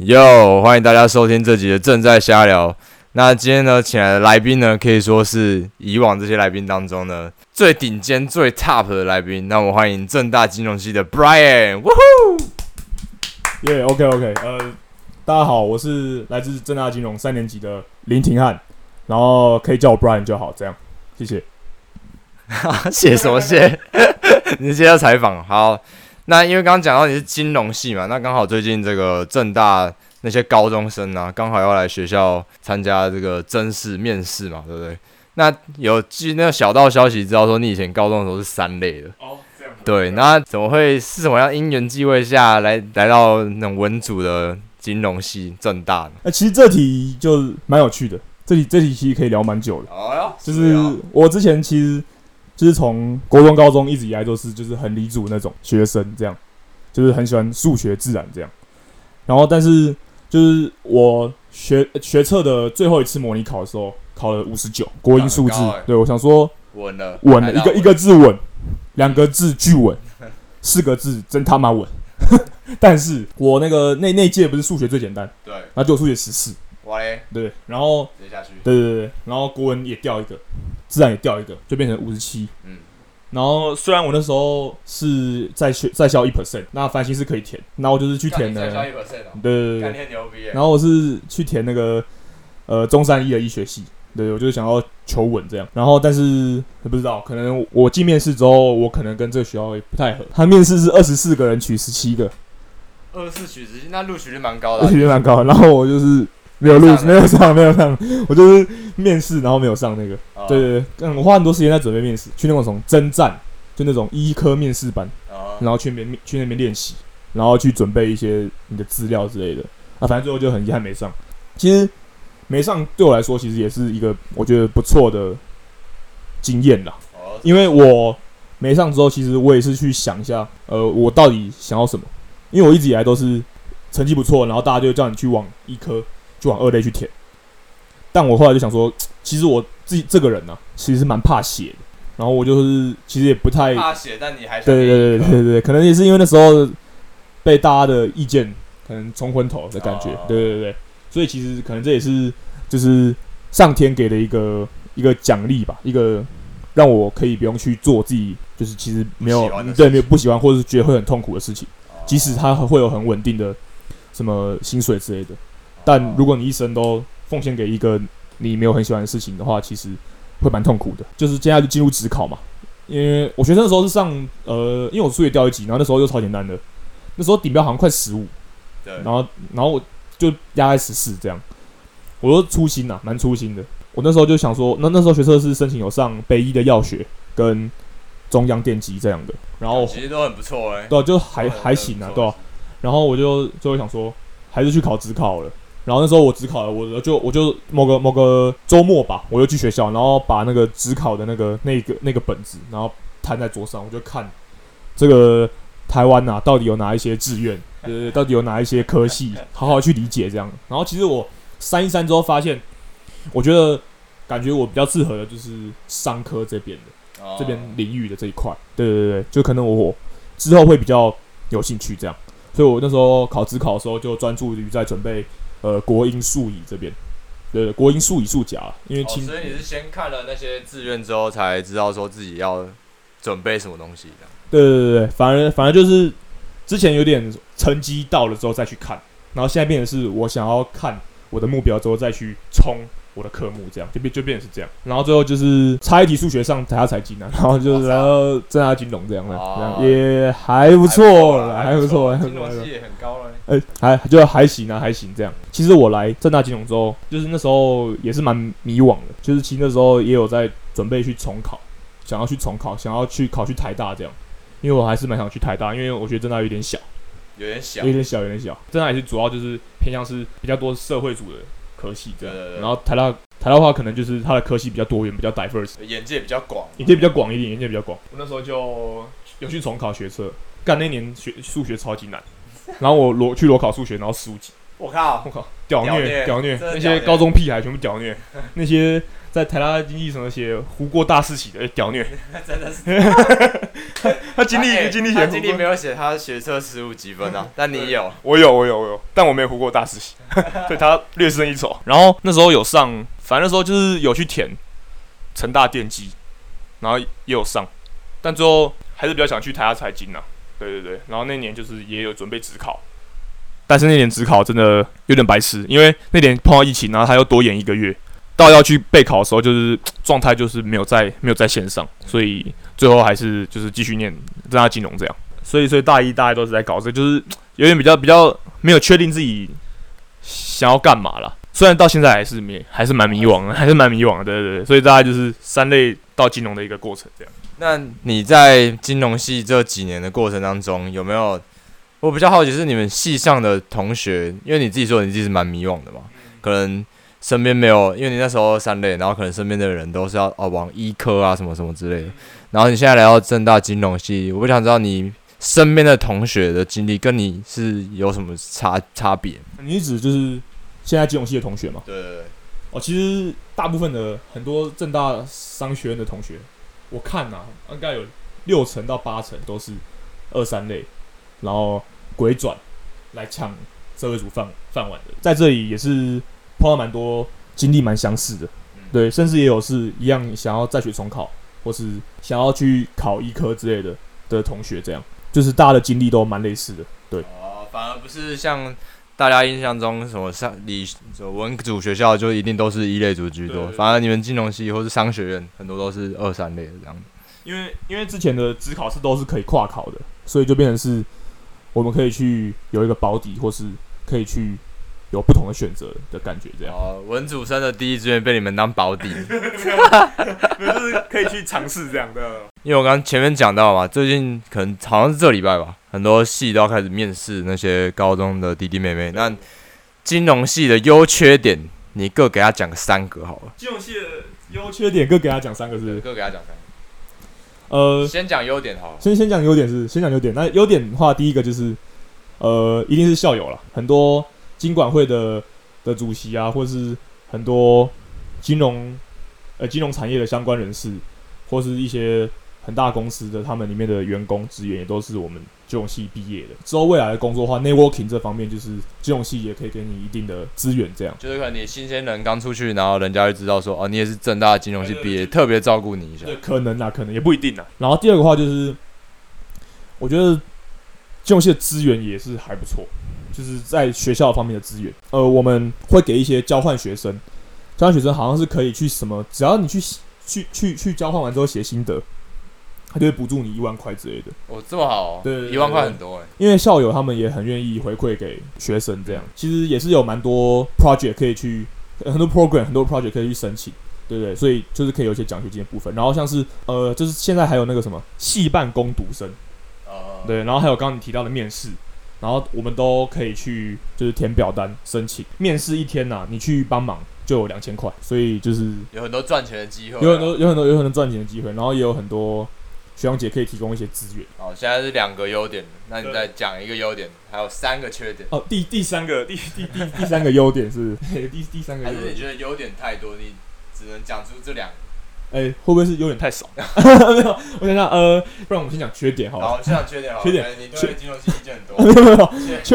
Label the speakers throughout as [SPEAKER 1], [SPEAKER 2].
[SPEAKER 1] 喲，Yo, 歡迎大家收聽這集的正在瞎聊。那今天呢，請來的來賓呢，可以說是以往這些來賓當中呢最頂尖、最 top 的來賓。那我們歡迎政大金融系的 Brian，哇呼！
[SPEAKER 2] 耶、yeah，OK OK，呃，大家好，我是來自政大金融三年級的林廷漢，然後可以叫我 Brian 就好，這樣，謝謝。
[SPEAKER 1] 哈，謝謝什麼？謝， 你接受採訪好。那因為剛剛講到你是金融系嘛，那剛好最近這個政大那些高中生啊，剛好要來學校參加這個甄試面試嘛，對不對？那有據那個小道消息知道說，你以前高中的時候是三類的。哦，這樣，這樣。對，那怎麼會是什麼樣因緣際會下來來到那種文組的金融系政大呢？
[SPEAKER 2] 哎，其實這題就蠻有趣的，這題這題其實可以聊蠻久的。哦喲，就是喲我之前其實。就是從國中、高中一直以來都是就是很理組的那種學生，這樣就是很喜歡數學、自然這樣。然後，但是就是我學學測的最後一次模擬考的時候，考了五十九國英數自。對我想說穩了，穩了，一個一個字穩，兩個字巨穩，四個字真他媽穩。但是我那個那那屆不是數學最簡單，對，那就數學十四。對，然後對對對、對，然後國文也掉一個。自然也掉一個，就變成五十七。嗯，然後雖然我那時候是在學在校一 percent，那繁星是可以填，然後我就是去填、哦、的。對、欸、然後我是去填那個呃中山醫的醫學系，對我就是想要求穩這樣。然後但是也不知道，可能我,我進面試之後，我可能跟這個學校也不太合。他面試是24二十四個人取十七個，二十
[SPEAKER 1] 四取十七，那錄取率蠻高的、啊，錄取率蠻高的、啊。就是、然後
[SPEAKER 2] 我就是。沒有錄，沒，沒有上，沒有上。我就是面試，然後沒有上那個。對對、oh. 對，我花很多時間在準備面試，去那種什麼甄戰，就那種醫科面試班，oh. 然後去面去那邊練習，然後去準備一些你的資料之類的。啊，反正最後就很遺憾沒上。其實沒上對我來說，其實也是一個我覺得不錯的經驗啦。Oh. 因為我沒上之後，其實我也是去想一下，呃，我到底想要什麼？因為我一直以來都是成績不錯，然後大家就叫你去往醫科。就往二類去填，但我後來就想說，其實我自己這個人呢、啊，其實是蠻怕血的。然後我就是其實也不太怕血，但你還是對對對對對，可能也是因為那時候被大家的意見可能沖昏頭的感覺，對對對。所以其實可能這也是就是上天給的一個一個獎勵吧，一個讓我可以不用去做自己，就是其實沒有對沒有不喜歡或者是覺得會很痛苦的事情，即使他會有很穩定的什麼薪水之類的。但如果你一生都奉獻給一個你沒有很喜歡的事情的話，其實會蠻痛苦的。就是接下來就進入指考嘛，因為我學生的時候是上呃，因為我數學掉一級，然後那時候又超簡單的，那時候頂標好像快十五，對，然後然後我就壓在十四這樣，我都粗心吶、啊，蠻粗心的。我那時候就想說，那那時候學測是申請有上北醫的藥學跟中央電機這樣的，然
[SPEAKER 1] 後其實都很不錯哎、欸，對、啊，就還對還
[SPEAKER 2] 行啊，對，對啊，然後我就最後想說，還是去考指考了。然後那時候我指考了我，我就我就某個某個周末吧，我就去學校，然後把那個指考的那個那個那個本子，然後攤在桌上，我就看這個台灣啊，到底有哪一些志願，呃，到底有哪一些科系，好好去理解這樣。然後其實我篩一篩之後，發現我覺得感覺我比較適合的就是商科這邊的，這邊領域的這一塊。對對對對，就可能我,我之後會比較有興趣這樣。所以我那時候考指考的時候，就專注於在準備。呃，國英數語這邊，對，對，對，國英數語數甲，因為，哦，所以
[SPEAKER 1] 你是先看了那些志願之後才知道說自己要準備什麼東西這
[SPEAKER 2] 樣。對對對，反而反而就是之前有點成績到了之後再去看，然後現在變成是我想要看我的目標之後再去衝。我的科目這樣就變就變成是這樣，然後最後就是差一題數學上台大財經啊，然後就是然後正大金融這樣了，也還不錯，還不錯，成績也很高了、欸。哎，還就還行啊，還行這樣。其實我來正大金融之後，就是那時候也是蠻迷惘的，就是其實那時候也有在準備去重考，想要去重考，想要去考，考去、考去台大這樣，因為我還是蠻想去台大，因為我覺得正大有點小，有點小，有，有，有點小有點小，正大也是主要就是偏向是比較多社會組的。科系，對對對，然後台大台大的話可能就是它的科系比較多元，比較 diverse，眼界比較廣，眼界比較廣一點，眼界比較廣。我那時候就有去重考學測，幹，那年學數學超級難，然後我裸去裸考數學，然後十五級。我靠！我靠！屌虐！屌虐！那些高中屁孩全部屌虐！那些。在台大經濟什麼寫胡過大四喜的，欸、屌虐，
[SPEAKER 1] 真的是。 他經歷歷、欸、經歷寫經歷沒有寫，他學測十五級分啊。嗯，但你
[SPEAKER 2] 有，我有我有我有，但我沒有胡過大四喜。 對他略勝一籌。 然後那時候有上，反正那時候就是有去填成大電機，然後也有上，但最後還是比較想去台大財經吶、啊。對對對，然後那年就是也有準備指考，但是那年指考真的有點白痴，因為那年碰到疫情，然後他又多演一個月。到要去備考的時候，就是狀態就是沒有在沒有在線上，所以最後還是就是繼續念，政大金融這樣。所以所以大一大二都是在搞這，就是有點比較比較沒有確定自己想要幹嘛了。雖然到現在還是迷，還是蠻迷惘的，還是蠻迷、迷惘的。對對對。所以大家就是三類到金融的一個過程這樣。
[SPEAKER 1] 那你在金融系這幾年的過程當中，有沒有？我比較好奇是你們系上的同學，因為你自己說你自己是蠻迷惘的嘛，可能。身邊沒有，因為你那時候二三類，然後可能身邊的人都是要哦往醫科啊什麼什麼之類的。然後你現在來到政大金融系，我不想知道你身邊的同學的經歷跟你是有什麼差差別。
[SPEAKER 2] 你指就是現在金融系的同學嗎？對，對。哦，其實大部分的很多政大商學院的同學，我看啊，應該有六成到八成都是二三類，然後鬼轉來搶社會組飯飯碗的，在這裡也是。碰到蠻多經歷蠻相似的，對，甚至也有是一樣想要再學重考，或是想要去考醫科之類的的同學，這樣就是大家的經歷都蠻類似的，對。哦、呃，
[SPEAKER 1] 反而不是像大家印象中什麼像理文
[SPEAKER 2] 組學校就一定都
[SPEAKER 1] 是一類組居多，對對對，反而你們金融系或是商學院很多都是二三類的，這樣。因
[SPEAKER 2] 為因為之前的指考是都是可以跨考的，所以就變成是我們可以去有一個保底，或是可以去。有不同的選擇的感覺，這
[SPEAKER 1] 樣。文組生的第一志願被你們當保底，不是
[SPEAKER 2] 可以去嘗試這樣的。因為我
[SPEAKER 1] 剛剛前面講到嘛，最近可能好像是這禮拜吧，很多系都要開始面試那些高中的弟弟妹妹。那金融系的優缺點，你各給他講個三個好了。金
[SPEAKER 2] 融系的優缺點，各給他講三個是各給他講三個。呃，先講優點好了。先先講優點是先講優點，那優點的話第一個就是，呃，一定是校友了，很多。金管會的的主席啊，或是很多金融呃金融產業的相關人士，或是一些很大公司的他們裡面的員工資源也都是我們金融系畢業的。之後未來的工作的話，networking 這方面，就是金融系也可以給你一定的資源。這樣
[SPEAKER 1] 就是可能你新鮮人剛出去，然後人家會知道說，哦，你也是政大的金融系畢業，對對對，特別照顧你一下。對，
[SPEAKER 2] 可能啊，可能，可能也不一定啊。然後第二個話就是，我覺得金融系的資源也是還不錯。就是在學校方面的資源，呃，我們會給一些交換學生，交換學生好像是可以去什麼，只要你去去去去交換完之後寫心得，他就會補助你一萬塊之類的。
[SPEAKER 1] 哦，這麼好、哦，對，對，對，一萬塊很多哎、
[SPEAKER 2] 欸。因為校友他們也很願意回饋給學生這樣，嗯、其實也是有蠻多 project 可以去，很多 program 很多 project 可以去申請，對，對對，所以就是可以有一些獎學金的部分，然後像是呃，就是現在還有那個什麼系辦工讀生、嗯、對，然後還有剛剛你提到的面試。然後我們都可以去，就是填表單申請面試一天吶、啊，你去幫忙就有兩千塊，所以就是有很多賺錢的機會、啊有，有很多有很多有很多賺錢的機會，然後也有很多學長姐可以提供一些資源。
[SPEAKER 1] 好，現在是兩個優點，那你再講一個優點，對還有三個缺點。哦，第第三個第第第、第、 第三個優點是第第三個，還是你覺得優點太多，你只能講出這兩個？
[SPEAKER 2] 哎、欸，會不會是有點太少？ 沒有，我想想，呃，不然我們先講缺點好了。好，我先講缺點好。缺點，缺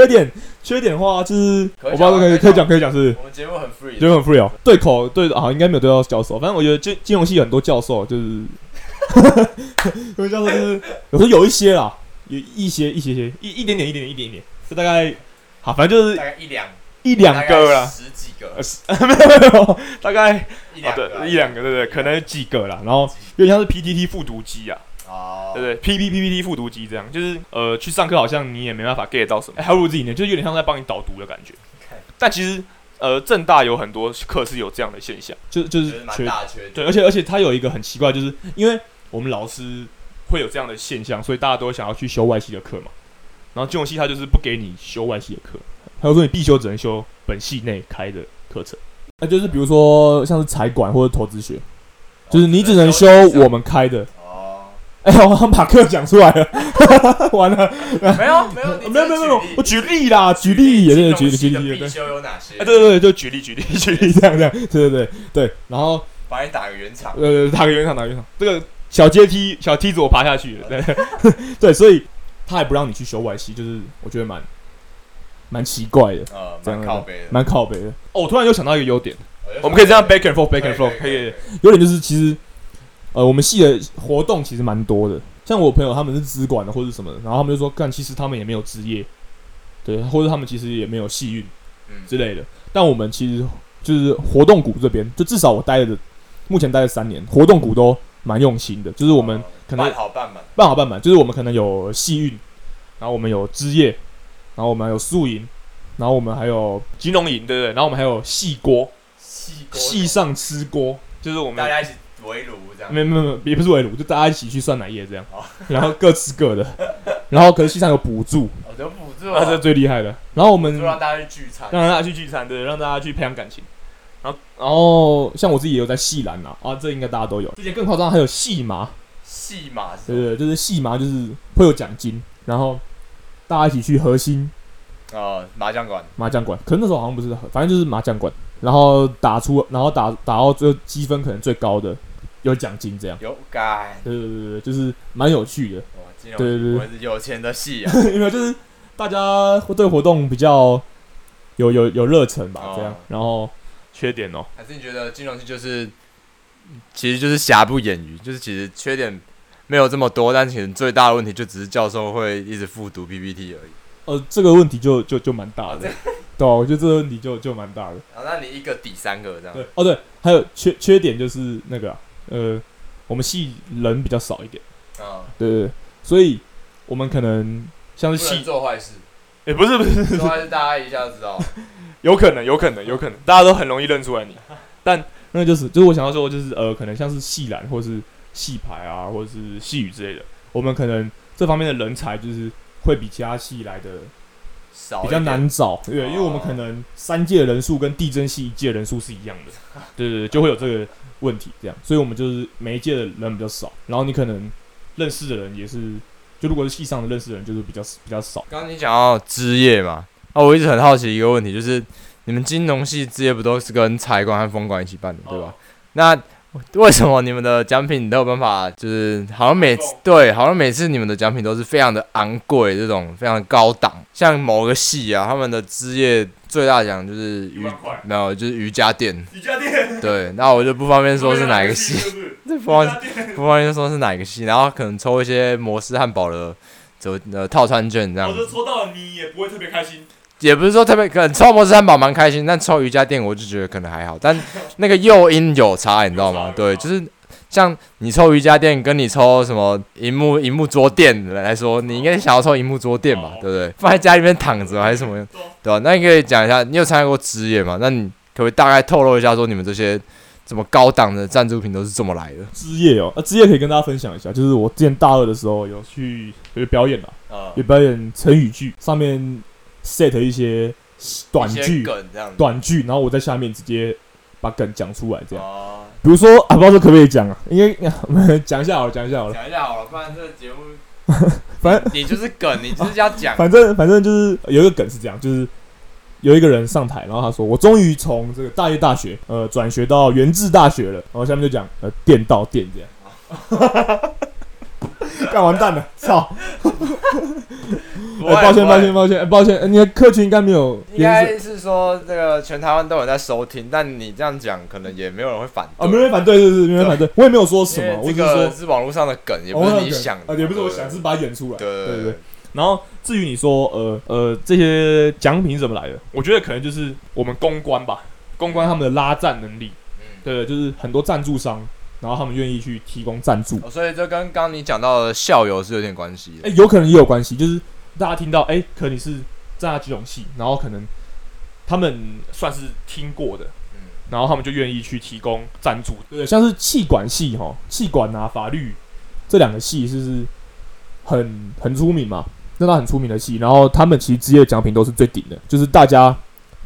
[SPEAKER 2] 點，缺點的話就是，我不知道可以可以講可以講是。我們節目很 free。節目很 free 哦、喔。對口對，好像、啊、應該沒有對到教授。反正我覺得金金融系有很多教授就是，哈哈，因為教授就是，有時候有一些啦，有一些一些一些一一點點一點點一點點，就大概好，反正就是大概一兩。一兩個啦，十幾個、 啊，沒有沒有，大概一兩個，哦、一兩個，對不對,對？可能有幾個啦。然後有點像是 PPT 復讀機啊，哦、oh.，對不對？P P PP PPT 復讀機這樣，就是呃，去上課好像你也沒辦法 get 到什麼，還不如自己念，就是有點像在幫你導讀的感覺。但其實，呃，政大有很多課是有這樣的現象，就就是,就是蠻大圈，對，而且而且它有一個很奇怪，就是因為我們老師會有這樣的現象，所以大家都想要去修外系的課嘛，然後金融系它就是不給你修外系的課。還有說你必修只能修本系內開的課程，那、欸、就是比如說像是財管或者投資學，哦、就是你只能修我們開的。哦，哎呀、欸，我好像馬克講出來了， 完了。沒有沒有沒有沒有沒有，我舉例啦，舉例，舉例也對對，舉例、欸、舉例。必修有哪些？對對就舉例舉例舉例，這樣這樣，對對對對。然後把你打個圓場，呃，打個圓場打圓場，這個小階梯小梯子我爬下去了對對，對， 對，所以他還不讓你去修外系，就是我覺得蠻。蠻奇怪的，蠻靠北的，蠻靠北的。哦，我突然又想到一個優點，我們可以這樣 back and forth，back and forth。可以，優點就是其實，呃，我們系的活動其實蠻多的。像我朋友他們是資管的或者什麼的，然後他們就說，幹，其實他們也沒有之夜，對，或者他們其實也沒有系運，之類的。但我們其實就是活動股這邊，就至少我待了，目前待了三年，活動股都蠻用心的。就是我們可能辦好辦滿，辦好辦滿，就是我們可能有系運，然後我們有之夜。然後我們還有宿營，然後我們還有金融營，對不對？然後我們還有系鍋，系、系上吃鍋，就是我們大家一起圍爐這樣。沒沒沒，也不是圍爐，就大家一起去涮乃葉這樣。好，哦，然後各吃各的， 然後可是系上有補助，有補、哦、助、啊啊，這是最厲害的。然後我們讓大家去聚餐，讓大家去聚餐，對，不對，讓大家去培養感情。然後，然後像我自己也有在系籃啊，啊，這應該大家都有。之前更誇張還有系麻，系麻，對不對，就是系麻，就是會有獎金，然後。大家一起去核心啊麻將館，麻將館，可能那時候好像不是，反正就是麻將館，然後打出，然後打打到最後積分可能最高的有獎金這樣，有感，對、呃就是、對對對，就是蠻有趣的，對對對，有錢的系啊，因為 就是大家會對活動比較有有有熱忱吧，哦、這樣，然後缺點哦，還
[SPEAKER 1] 是你覺得金融系就是其實就是瑕不掩瑜，就是其實缺點。沒有這麼多，但可能最大的問題就只是教授會一直複讀 PPT 而已。
[SPEAKER 2] 呃，這個問題就就就蠻大的，啊、對、啊、我覺得這個問題就就蠻大的。
[SPEAKER 1] 啊，那你一個抵三個這樣。對，哦
[SPEAKER 2] 對，還有缺缺點就是那個、啊、呃，我們系人比較少一點啊，對對，所以我們可能像是系做壞事，欸不是不是，不是做壞事大家一下子知道 有，有可能有可能有可能，大家都很容易認出來你。 但那就是就是我想要說就是呃，可能像是系染或是。戲排啊，或者是系羽之類的，我們可能這方面的人才就是會比其他系來的少，比較難找。對吧，因為我們可能三屆人數跟地政系一屆人數是一樣的， 對，對對，就會有這個問題。這樣，所以我們就是每一屆的人比較少，然後你可能認識的人也是，就如果是系上的認識的人，就是比較比較少。剛
[SPEAKER 1] 剛你講到職業嘛，啊、哦，我一直很好奇一個問題，就是你們金融系職業不都是跟財管和風管一起辦的，哦、對吧？那為什麼你們的獎品都有辦法？就是好像每次對，好像每次你們的獎品都是非常的昂貴，這種非常高檔。像某個系啊，他們的之夜最大獎就是瑜，一萬塊，沒有就是瑜伽墊。瑜
[SPEAKER 2] 伽墊。對，
[SPEAKER 1] 那我就不方便說是哪一個系，不方便，不方便說是哪一個系。然後可能抽一些摩斯漢堡的折呃套餐券這樣子。
[SPEAKER 2] 我就抽到你也不會特別開心。
[SPEAKER 1] 也不是說特別可能抽摩斯三寶蠻開心，但抽瑜伽墊我就覺得可能還好。但那個誘因有差，你知道嗎？對，就是像你抽瑜伽墊，跟你抽什麼螢幕螢幕桌墊來說，你應該想要抽螢幕桌墊吧？對不對？放在家裡面躺着還是什麼？對吧、啊？那你可以講一下，你有參加過之夜嗎？那你可不可以大概透露一下，說你們這些
[SPEAKER 2] 怎麼高檔的贊助品都是怎麼來的？之夜哦，啊，之夜可以跟大家分享一下，就是我之前大二的時候有去有表演了啊，有表演成語劇上面。set 一些短句，短句，然後我在下面直接把梗講出來，這樣。Oh. 比如說，我、啊、不知道這可不可以講啊？因為啊，講一下好了，講一下好了，講一下好了，不然這個節目， 反
[SPEAKER 1] 正你就是梗，你就是要講、啊。反
[SPEAKER 2] 正反正就是有一個梗是這樣，就是有一個人上台，然後他說：“我終於從這個大業大學，呃，轉學到元智大學了。”然後下面就講，呃，電到電這樣。Oh. 幹完蛋了，操！我抱歉，抱歉，抱歉，抱歉。你的客群應該沒有，應該
[SPEAKER 1] 是說這個全台灣都有在收聽，但你這樣講，可能也
[SPEAKER 2] 沒有人會反對。沒人反對，對，對，沒人反對，我也沒有說什麼。我是說，是網絡上的梗，也不是你想的，也不是我想，是把它演出來。對對對。然後至於你說，呃呃，這些獎品怎麼來的？我覺得可能就是我們公關吧，公關他們的拉贊能力。對，就是很多贊助商。然後他們願意去提供贊助，哦、所以這跟剛剛你講到的
[SPEAKER 1] 校友是有點關係的。欸、有
[SPEAKER 2] 可能也有關係，就是大家聽到誒、欸，可能是這幾種系，然後可能他們算是聽過的，嗯、然後他們就願意去提供贊助。對，像是企管系吼、哦、企管啊，法律這兩個系是不是很很出名嘛，那倒很出名的系，然後他們其實職業獎品都是最頂的，就是大家。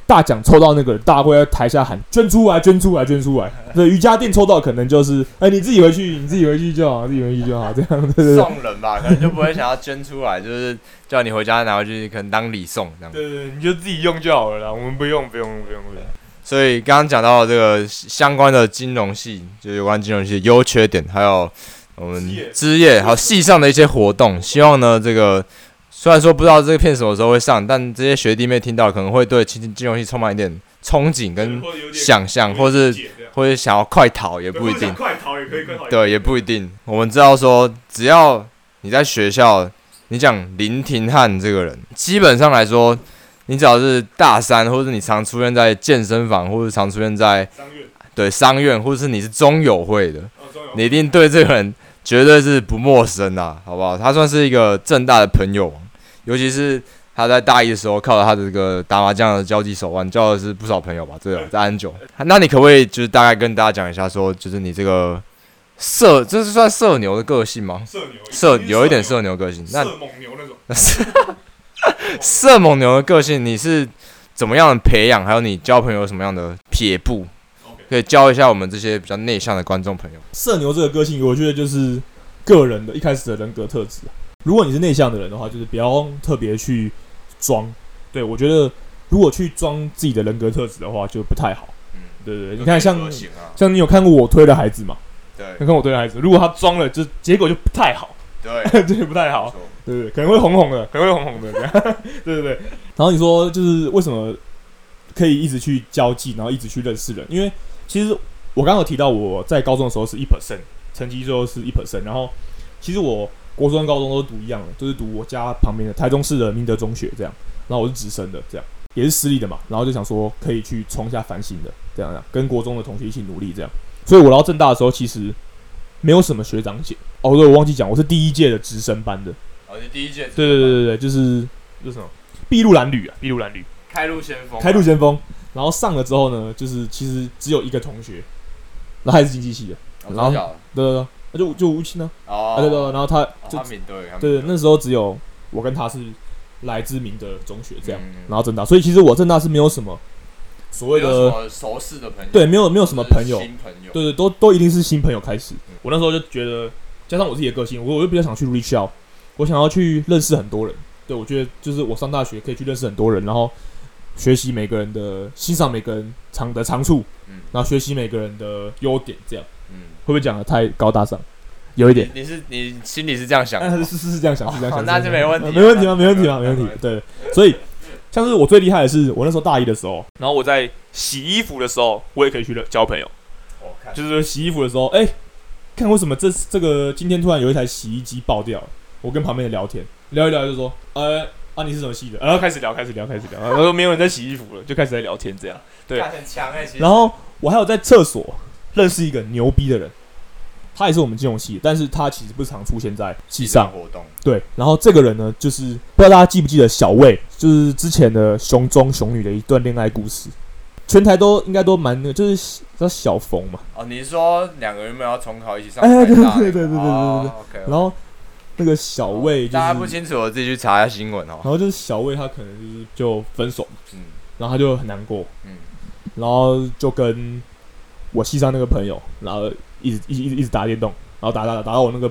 [SPEAKER 2] 大獎抽到那個大家會在台下喊捐出來，捐出來，捐出來。那瑜伽墊抽到，可能就是，誒、欸，你自己回去，你自己回去就好，自己回去就好，這樣。對對對，送人吧，
[SPEAKER 1] 可能就不會想要捐出來， 就是叫你回家拿回去，可能當禮送這
[SPEAKER 2] 樣。對，對對，你就自己用就好了啦，我們不用，不用，不用。不用不用對。
[SPEAKER 1] 所以剛剛講到這個相關的金融系，就是有關金融系的優缺點，還有我們職業還有系上的一些活動，希望呢這個。雖然說不知道這個片什麼時候會上，但這些學弟妹聽到可能會對金融系這東西充滿一點憧憬跟想象或是或是想要快逃也不一定。快逃
[SPEAKER 2] 也可以，
[SPEAKER 1] 對，對，也不一定。對我們知道說，只要你在學校，你講林廷漢這個人，基本上來說，你只要是大三，或是你常出現在健身房，或者常出現在商院對商院，或是你是中友會的，哦、中友會，你一定對這個人絕對是不陌生的，啊，好不好？他算是一個政大的朋友，尤其是他在大一的時候，靠着他的這個打麻將的交際手腕，交的是不少朋友吧？對，啊，在安久，那你可不可以就是大概跟大家講一下說，說就是你這個社，這是算社牛的個性嗎？社牛，社牛社，有一點社牛的個性，社那社猛牛的個性，你是怎麼樣的培養？還有你交朋友有什麼樣的撇步？可以教一下我們這些比較內向的觀眾朋友，“
[SPEAKER 2] 社牛”這個個性，我覺得就是個人的一開始的人格特質。如果你是內向的人的話，就是不要特別去裝。對我覺得，如果去裝自己的人格特質的話，就不太好。嗯，對對對，你看像像你有看過我推的孩子嗎？對，你看過我推的孩子，如果他裝了，就結果就不太好。對對，不太好，對不對，對。可能會紅紅的，可能會紅紅的。對對對，然後你說就是為什麼可以一直去交際，然後一直去認識人？因為其實我剛有提到我在高中的時候是一 percent 成績，最後是一 percent。然後其實我國中跟高中都是讀一樣的，就是讀我家旁邊的台中市的明德中學這樣。然後我是直升的，這樣也是私立的嘛。然後就想說可以去衝一下繁星的這樣這樣，跟國中的同學一起努力這樣。所以我來到政大的時候，其實沒有什麼學長姐。哦，對，我忘記講，我是第一屆的直升班的。哦，你第一屆的直升班？對，對對對對，就是、就是什麼？篳路藍縷啊，篳路藍縷、啊，開路先鋒，開路先鋒。然後上了之後呢，就是其實只有一個同學，那還是經濟系的，哦、然後樣對對對，那、啊、就就吳青呢，對對對，然後他就、哦、他對他對，對，那時候只有我跟他是來自明德中學這樣，嗯、然後政大，所以其實我政大是沒有什麼所謂的什麼熟識的朋友，對，沒有沒有什麼朋友，新朋友，對對，都都一定是新朋友開始。嗯、我那時候就覺得，加上我自己的個性，我我就比較想去 reach out，我想要去認識很多人，對我覺得就是我上大學可以去認識很多人，然後。學習每個人的欣賞，每個人長的長處，嗯，然後學習每個人的優點，這樣，嗯，會不會講得太高大上？有一點，
[SPEAKER 1] 你是你心裡是這樣
[SPEAKER 2] 想，但是是是這樣想，是這樣想，那就沒問題，沒問題啊，沒問題啊，沒問題。對，所以像是我最厲害的是，我那時候大一的時候，然後我在洗衣服的時候，我也可以去交朋友，就是洗衣服的時候，誒，看為什麼這這個今天突然有一台洗衣機爆掉，我跟旁邊的聊天聊一聊，就說，哎。啊，你是什麼系的、啊？然後開始聊，開始聊，開始聊。然後、 啊、沒有人在洗衣服了，就開始在聊天這樣。對，他很強欸、然後我還有在廁所認識一個牛逼的人，他也是我們金融系，但是他其實不常出現在系上活動。對，然後這個人呢，就是不知道大家記不記得小魏，就是之前的熊中熊女的一段戀愛故事，全台都應該都蠻，就是叫小峰嘛。
[SPEAKER 1] 哦，你是說兩個人沒有要重考一起上、哎？對對對對對對對對對。哦、okay, okay. 然
[SPEAKER 2] 後。那個小魏，大家不清
[SPEAKER 1] 楚，我自己去查一下新聞哦。然後
[SPEAKER 2] 就是小魏，他可能就是就分手，嗯，然後他就很難過，嗯，然後就跟我系上那個朋友，然後一直一一直一直打電動，然後打打，打打打到我那個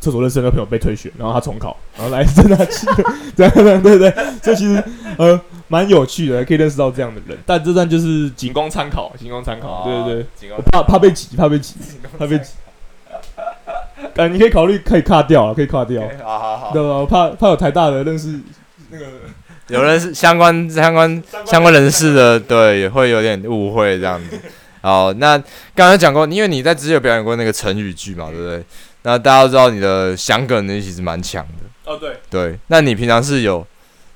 [SPEAKER 2] 廁所認識的那個朋友被退學，然後他重考，然後來真的去，對對對對，這其實呃蠻有趣的，可以認識到這樣的人，但這段就是僅供參考，僅供參考，對對對，對，怕怕被擠，怕被擠，怕被擠。呃，你可以考慮可以跨掉啊，可以跨掉。Okay, 好好好。知道怕怕有台大的認識，那個，有人相關
[SPEAKER 1] 相關相關人士的，對，也會有點誤會這樣子。 好，那剛才講過，因為你在之前有表演過那個成語劇嘛，對不對？那大家都知道你的響梗能力其實蠻強的。哦，對。對，那你平常是有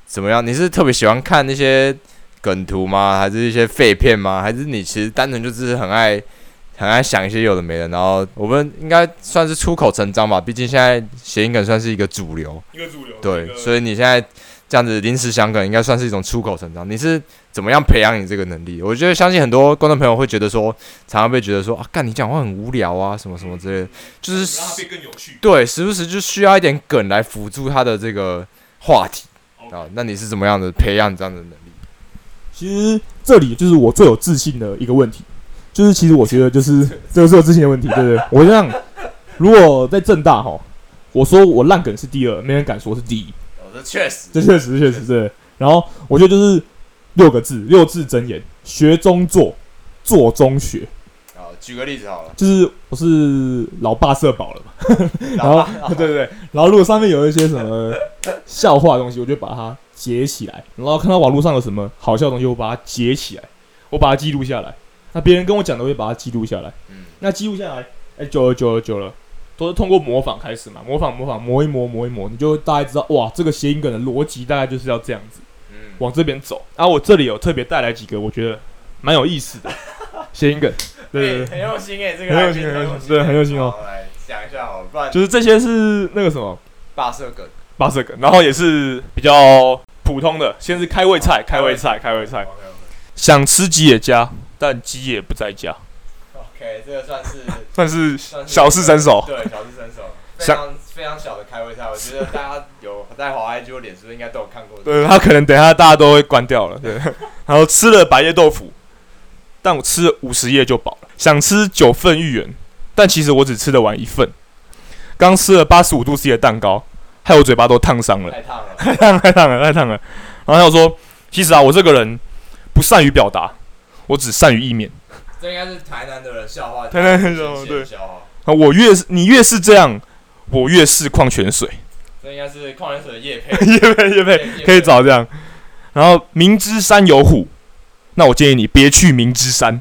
[SPEAKER 1] 怎麼樣？你是特別喜歡看那些梗圖嗎？還是一些廢片嗎？還是你其實單純就是很愛？很愛想一些有的沒的，然後，我們應該算是出口成章吧，畢竟現在諧音梗算是一個主流，一個主流，那個，對，所以你現在這樣子臨時想梗，應該算是一種出口成章。你是怎麼樣培養你這個能力？我覺得相信很多觀眾朋友會覺得說，常常會覺得說啊，幹你講話很無聊啊，什麼什麼之類的，嗯、就是讓他變更有趣，對，時不時就需要一點梗來輔助他的這個話題啊 Okay.。那你是怎麼樣的培養這樣的能力？其
[SPEAKER 2] 實這裡就是我最有自信的一個問題。就是，其實我覺得就是這個是我之前的問題，對不對，對？我就這樣，如果在政大吼，我說我爛梗是第二，沒人敢說是第一。這確實，這確實確實是。然後我覺得就是六個字，六字真言：學中做，做中學。
[SPEAKER 1] 啊，舉個例子好了，就
[SPEAKER 2] 是我是老爸社保了嘛，爸 然後對對對，然後如果上面有一些什麼笑話的東西，我就把它截起來，然後看到網絡上有什麼好笑的東西，我把它截起來，我把它記錄下來。那別人跟我講的，我會把它記錄下來。嗯，那記錄下來，哎、欸，久了久了久了，都是通過模仿開始嘛，模仿模仿，磨一磨磨一磨，你就大概知道哇，這個諧音梗的邏輯大概就是要這樣子，嗯、往這邊走。然、啊、後我這裡有特別帶來幾個，我覺得蠻有意思的諧 音梗。對，很用心哎、喔。這個很用心，對，很用心哦。來講一下好，好吧，就是這些是那個什麼八色梗，八色梗，然後也是比較普通的，先是開胃菜，開胃菜，開胃菜，想吃吉野家。但雞也不在家。OK，
[SPEAKER 1] 這個算是算是小算小試身手，對，小試身手，非常想非常小的開胃菜。我覺得大家有在華 I G 臉是不是應該都有看過？對，他可能等一下大家
[SPEAKER 2] 都會關掉了。對，對然後吃了百葉豆腐，但我吃五十葉就飽了。想吃九份芋圓，但其實我只吃得完一份。剛吃了八十五度 C 的蛋糕，害我嘴巴都燙傷了，了， 了。太燙了，太燙，了，太燙了。然後他就說：“其實啊，我這個人不善於表達。”我只善於意麵。
[SPEAKER 1] 這應該是台南的笑話。台南的
[SPEAKER 2] 笑話。對。我越是你越是這樣，我越是礦泉水。這
[SPEAKER 1] 應該是礦泉水的業配。業配業配可以找
[SPEAKER 2] 這樣。然後明知山有虎，那我建議你別去明知山。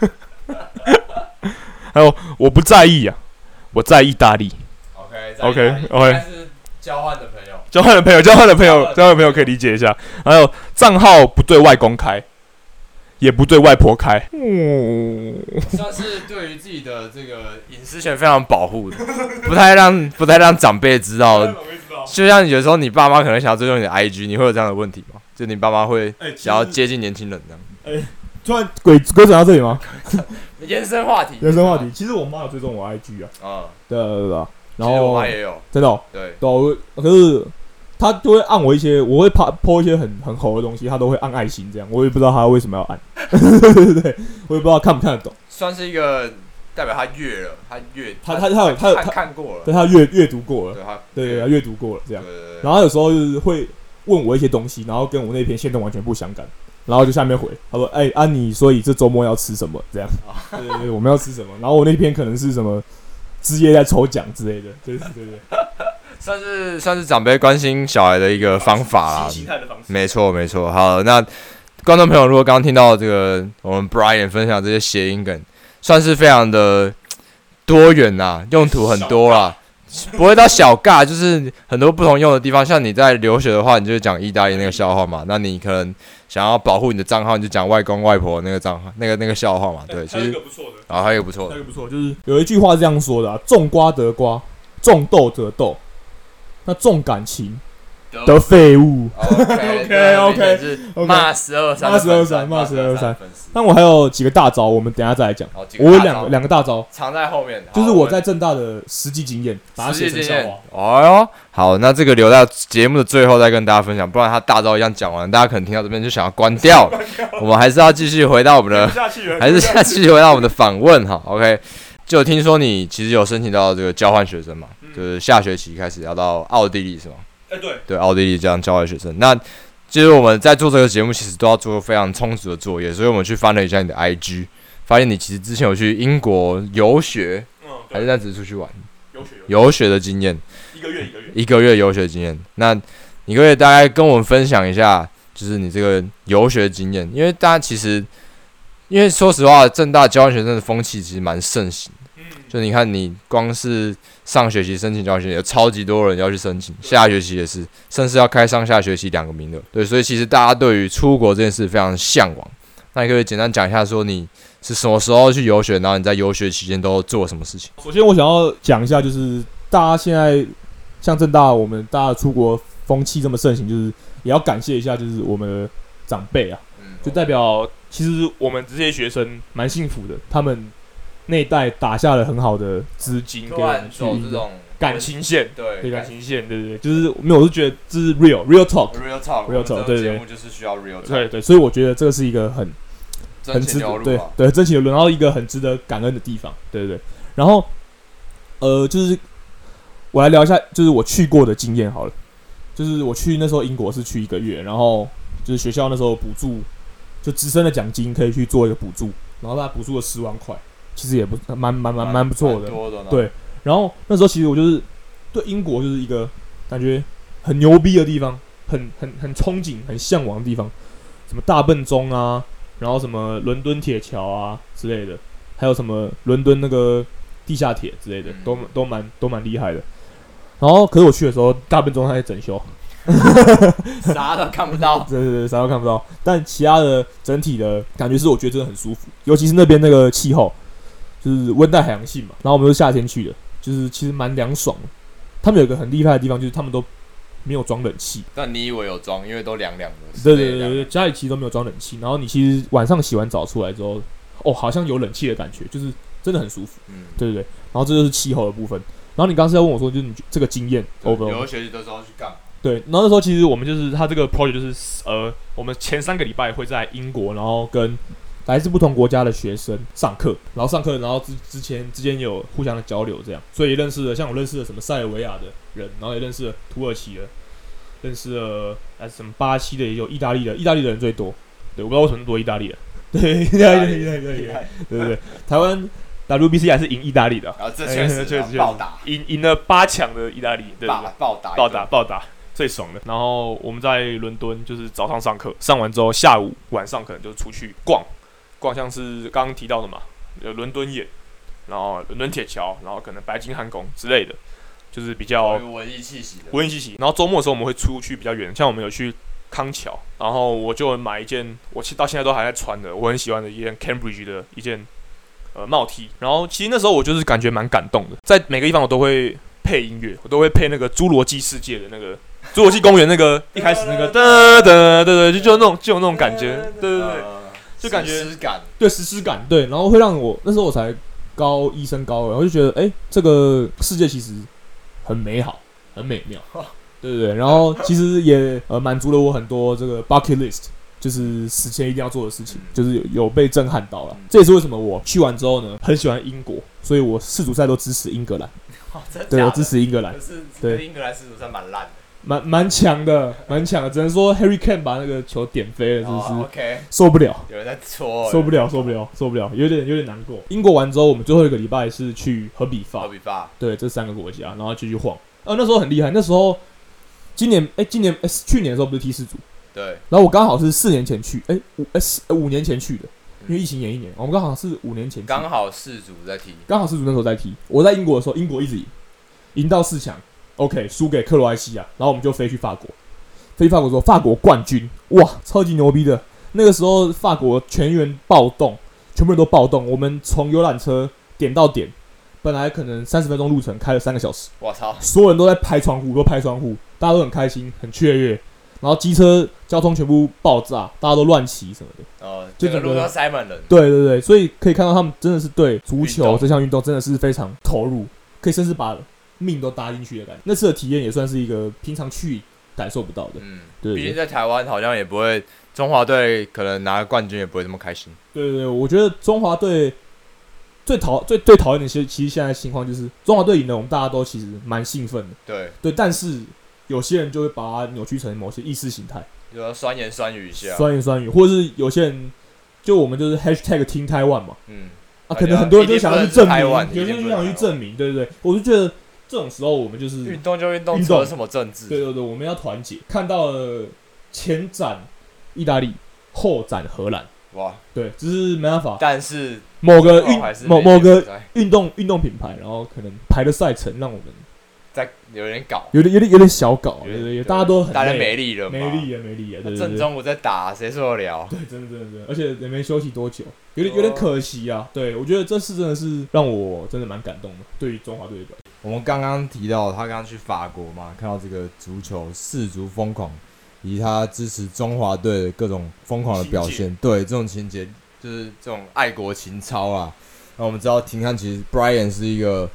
[SPEAKER 2] 哈哈哈哈還有我不在意啊，我在意大利。OK OK OK。應該是交
[SPEAKER 1] 換的朋友。交換的朋友，交換的朋友，
[SPEAKER 2] 交換的朋友可以理解一下。還有賬號不對外公開。也不對外婆開，算
[SPEAKER 1] 是對於自己的這個隱私權非常保護的， 不太讓、不太讓長輩知道。 就像有時候，你爸媽可能想要追蹤你的 IG，你會有這樣的問題嗎？就你爸媽會想要接近年輕人這樣？
[SPEAKER 2] 哎、欸欸，突然鬼哥講到這裡嗎？ 延伸話題，延伸話題。麼其實我媽有追蹤我 IG 啊，嗯、啊，對啊對對、啊、對，然後我媽也有，真的，對，對，可是。他都會按我一些，我會 po 一些很很猴的東西，他都會按愛心這樣，我也不知道他為什麼要按，對 對，我也不知道看不看得懂。
[SPEAKER 1] 算是一個代表他閱了，他閱他他他他看過了，對，他閱
[SPEAKER 2] 閱讀過了，他對，對，對，他閱讀過了這樣。對對對對，然後他有時候就是會問我一些東西，然後跟我那篇現在完全不相干，然後就下面回他說：“哎、欸，安妮，所以這周末要吃什麼？”這樣， 對對對，我們要吃什麼？然後我那篇可能是什麼職業在抽獎之類的，對、就是，對對，對。
[SPEAKER 1] 算是算是長輩關心小孩的一個方法啦、啊，沒錯沒錯。好，那觀眾朋友如果剛剛聽到這個，我們 Brian 分享這些諧音梗，算是非常的多元吶、啊，用途很多啦，不會到小尬，就是很多不同用的地方。像你在留學的話，你就講意大利那個笑話嘛。那你可能想要保護你的賬號，你就講外公外婆那個賬號那個那個笑話嘛。對，其
[SPEAKER 2] 實啊，還有不錯的，那個不錯，就是有一句話是這樣說的啊：種瓜得瓜，種豆得豆。那重感情的廢物，OK OK 是罵十二三罵十二三罵十二三粉，但我還有幾個大招，我們等下再來講。我有兩兩個大招藏在後面，就是我在政大的實際經驗，把它寫成笑
[SPEAKER 1] 話。哦，好，那這個留到節目的最後再跟大家分享，不然他大招一樣講完，大家可能聽到這邊就想要關掉了。我們還是要繼續回到我們的，還是下繼續回到我們的訪問哈。OK，就聽說你其實有申請到這個交換學生嘛？就是下學期開始要到奧地利是嗎？對、欸，對，奧地利這樣交換學生。那其實我們在做這個節目，其實都要做非常充足的作業，所以我們去翻了一下你的 IG，發現你其實之前有去英國遊學，嗯、還是單純出去玩遊學遊學，遊學的經驗，一個月一個月一個月遊學的經驗。那一個月大概跟我們分享一下，就是你這個遊學的經驗，因為大家其實，因為說實話，政大交換學生的風氣其實蠻盛行。就你看，你光是上學期申請交換，有超級多人要去申請，下學期也是，甚至要開上下學期兩個名額。對，所以其實大家對於出國這件事非常向往。那你可以簡單講一下，說你是什麼時候去遊學，然後你在遊學期間都做什麼事情？
[SPEAKER 2] 首先，我想要講一下，就是大家現在像政大，我們大家出國風氣這麼盛行，就是也要感謝一下，就是我們的長輩啊，就代表其實我們這些學生蠻幸福的，他們。那一代打下了很好的資金，走這種感情線，對，對感情線，對對、對，就是沒有，我是覺得這是 real real talk，real talk，real talk，對對。節目就是需要 real，對對。對對對，所以我覺得這個是一個很對對對，很值得，啊、對對，這情輪到一個很值得感恩的地方，對對、對。然後呃、就是我來聊一下，就是我去過的經驗好了。就是我去那時候英國是去一個月，然後就是學校那時候補助，就直升的獎金可以去做一個補助，然後他補助了十萬塊。其實也不蠻蠻蠻蠻不錯的，的對。然後那時候其實我就是對英國就是一個感覺很牛逼的地方，很很很憧憬，很嚮往的地方。什麼大笨鐘啊，然後什麼倫敦鐵橋啊之類的，還有什麼倫敦那個地下鐵之類的，都蠻、嗯、哼都蠻都蠻，都蠻厲害的。然後可是我去的時候，大笨鐘還在整修，啥都 看不到。 對對對，啥都看不到。但其他的整體的感覺是我覺得真的很舒服，尤其是那邊那個氣候。就是溫帶海洋性嘛，然後我們就是夏天去的，就是其實蠻涼爽。他們有一個很厲害的地方，就是他們都沒有裝冷氣，
[SPEAKER 1] 但你以為有裝，因為都涼涼的。
[SPEAKER 2] 對對對，對，涼涼的。家裡其實都沒有裝冷氣。然後你其實晚上洗完澡出來之後，哦，好像有冷氣的感覺，就是真的很舒服。嗯，對對對。然後這就是氣候的部分。然後你剛才是要問我說，就是你這個經驗，對有學習的時候去幹嘛？對，然後那時候其實我們就是，他這個 project 就是，呃，我們前三個禮拜會在英國，然後跟來自不同國家的學生上課，然後上課，然後之之前之間有互相的交流，這樣，所以認識了像，我認識了什麼塞爾維亞的人，然後也認識了土耳其的，認識了還是什麼巴西的，也有意大利的，意大利的人最多，對，我不知道為什麼多意大利的？對，意大利， 意大利，對對對，對對對大 台灣 WBC 還是贏意大利的，然後這確實、啊哎、確實暴、啊、打，贏贏了八強的意大利，對吧，暴打暴打暴打最爽的，然後我們在倫敦就是早上上課，上完之後下午晚上可能就出去逛。光像是剛剛提到的嘛，有倫敦眼，然後倫敦鐵橋，然後可能白金漢宮之類的，就是比較文藝氣息。文藝氣息。然後周末的時候我們會出去比較遠，像我們有去康橋，然後我就買一件我到現在都還在穿的，我很喜歡的一件 Cambridge 的一件呃帽 T。然後其實那時候我就是感覺蠻感動的，在每個地方我都會配音樂，我都會配那個《侏羅紀世界》的那個《侏羅紀公園》那個一開始那個噔噔噔噔，就就那種就有那種感覺，對對對。就感覺實感對，實施感對，然後會讓我，那時候我才高一升高二，然後就覺得哎、欸，這個世界其實很美好，很美妙，呵呵對對對。然後其實也呃滿足了我很多這個 bucket list，就是死前一定要做的事情，嗯、就是有，有被震撼到了。嗯、這也是為什麼我去完之後呢，很喜歡英國，所以我世足賽都支持英格蘭。哦、對，我支持英格蘭，是，對，英
[SPEAKER 1] 格蘭世足賽蠻爛。的。
[SPEAKER 2] 蠻蠻強的，蠻強的，只能說 Harry Kane 把那個球點飛了，是不是、oh, OK，受不了，有人在搓，受不了，受不了，受不了，有點有點難過。英國完之後，我們最後一個禮拜是去荷比法，荷比法，對這三個國家，然後繼續晃。呃、啊，那時候很厲害，那時候今年，哎，今年，誒、欸欸，去年的時候不是踢四組，對，然後我剛好是四年前去，哎、欸，五、欸四，呃，五年前去的，因為疫情延一年，我們剛好是五年前剛好
[SPEAKER 1] 四組在踢，
[SPEAKER 2] 剛好四組那時候在踢，我在英國的時候，英國一直贏，贏到四強。OK，輸給克羅埃西亞，然後我們就飛去法國，飛去法國說法國冠軍，哇，超級牛逼的。那個時候法國全員暴動，全部人都暴動。我們從遊覽車點到點，本來可能三十分鐘路程，開了三個小時。我操！所有人都在拍窗戶，都拍窗戶，大家都很開心，很雀躍。然後機車交通全部爆炸，大家都亂騎什麼的。哦，這個路上塞滿人。對對對，所以可以看到他們真的是對動足球這項運動真的是非常投入，可以甚至把。命都搭進去的感覺，那次的體驗也算是一個平常去感受不到的。嗯，對，
[SPEAKER 1] 對，對。畢竟在台灣好像也不會，中華隊可能拿了冠軍也不會那麼開心。對
[SPEAKER 2] 對，對，我覺得中華隊最討最最討厭的，其實其實現在的情況就是中華隊贏了，我們大家都其實蠻興奮的。對對，但是有些人就會把它扭曲成某些意識形態，比如說酸言酸語一下，酸言酸語，或者是有些人就我們就是 #hashtag Team Taiwan 嘛，嗯，啊，可能很多人就想要去證明，有些人就想去證明，對對對，我就覺得。這種時候我們就是運動就運動，運動什麼政治？對對對，我們要團結。看到了前展意大利，後展荷蘭，哇！對，就是沒辦法。但是某個運某某個運動運動品牌，然後可能排的賽程讓我們。在有點搞，有點有點有點小搞，大家都很大家沒，沒力了，沒力了，沒力了。正中午在打，啊，誰受得了？對，真的，真的真的，而且也沒休息多久，有點、呃、有點可惜啊。對，我覺得這次真的是讓我真的蠻感動的，對於中華隊的表現。我們剛剛提到他剛剛去法
[SPEAKER 1] 國嘛，看到這個足球十足瘋狂，以及他支持中華隊的各種瘋狂的表現，建對這種情節就是這種愛國情操啊。那、啊、我們知道，庭看其實 Brian 是一個。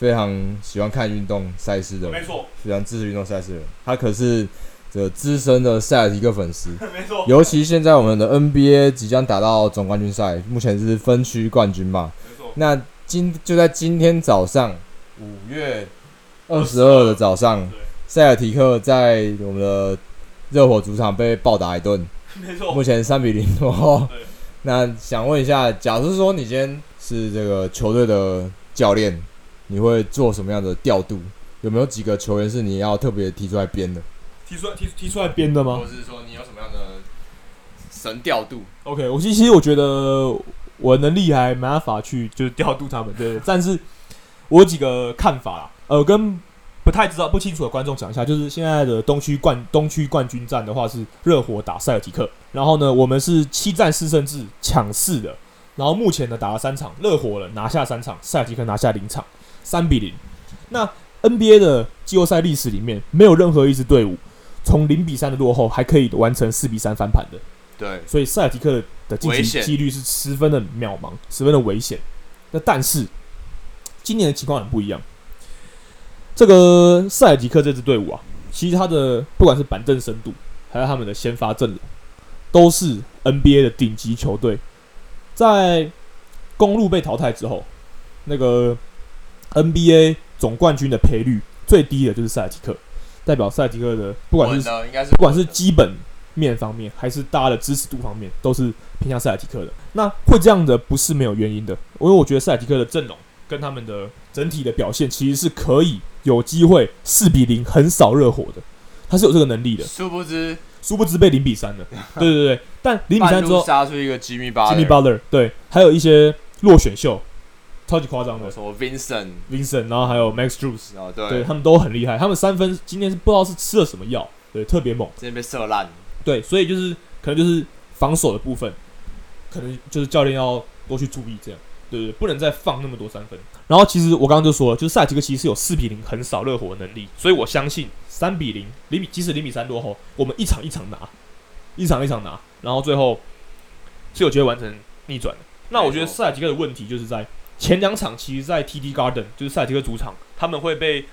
[SPEAKER 1] 非常喜歡看運動賽事的，人，錯非常支持運動賽事的人。他可是這資深的塞爾提克粉絲，錯尤其現在我們的 NBA 即將打到總冠軍賽，目前是分區冠軍嘛，錯那今就在今天早上五月二十二的早上，錯塞爾提克在我們的熱火主場被暴打一頓，錯目前三比零落後。 對 那想問一下，假如說你今天是這個球隊的教練？你會做什麼樣的調度？有沒有幾個球員
[SPEAKER 2] 是你要特別提出來編的提來提？提出來提提出來編的嗎？或者是說你有什麼樣的
[SPEAKER 1] 神調度？OK，我其實我
[SPEAKER 2] 覺得我能力還沒辦法去就是調度他們。對，但是我有幾個看法啦，呃，跟不太知道不清楚的觀眾講一下，就是現在的東區冠東區冠軍戰的話是熱火打塞爾提克，然後呢，我們是七戰四勝制搶四的，然後目前呢打了三場，熱火了拿下三場，塞爾提克拿下零場。三比零，那 NBA 的季後賽歷史裡面，沒有任何一支隊伍從零比三的落後還可以完成四比三翻盤的。對，所以塞爾提克的晉級幾率是十分的渺茫，危險，十分的危險。那但是今年的情況很不一樣，這個塞爾提克這支隊伍啊，其實他的不管是板凳深度，還有他們的先發陣容，都是 NBA 的頂級球隊。在公鹿被淘汰之後，那個。NBA 總冠軍的賠率最低的就是塞爾提克，代表塞爾提克的不管是，是不管是基本面方面，還是大家的支持度方面，都是偏向塞爾提克的。那會這樣的不是沒有原因的，因為我覺得塞爾提克的陣容跟他們的整體的表現其實是可以有機會四比零橫掃熱火的，他是有這個能力的。殊不知，殊不知被零比三了。 對對對，但零比三之後殺出一個吉米巴吉米巴勒，Butler，對，還有一些落選秀。超級誇張的，什麼 Vincent、Vincent，然後還有 Max Drews，哦、對，對，他們都很厲害。他們三分今天是不知道是吃了什麼藥，對，特別猛，今天被射爛。對，所以就是可能就是防守的部分，可能就是教練要多去注意這樣，對不對？不能再放那麼多三分。然後其實我剛剛就說了，就是塞爾提克其實是有四比零橫掃熱火的能力，所以我相信三比零、零比，即使零比三落後，我們一場一場拿，一場一場拿，然後最後是有機會完成逆轉的。那我覺得塞爾提克的問題就是在。前兩場其實，在 TD Garden 就是塞爾提克主場，他們會被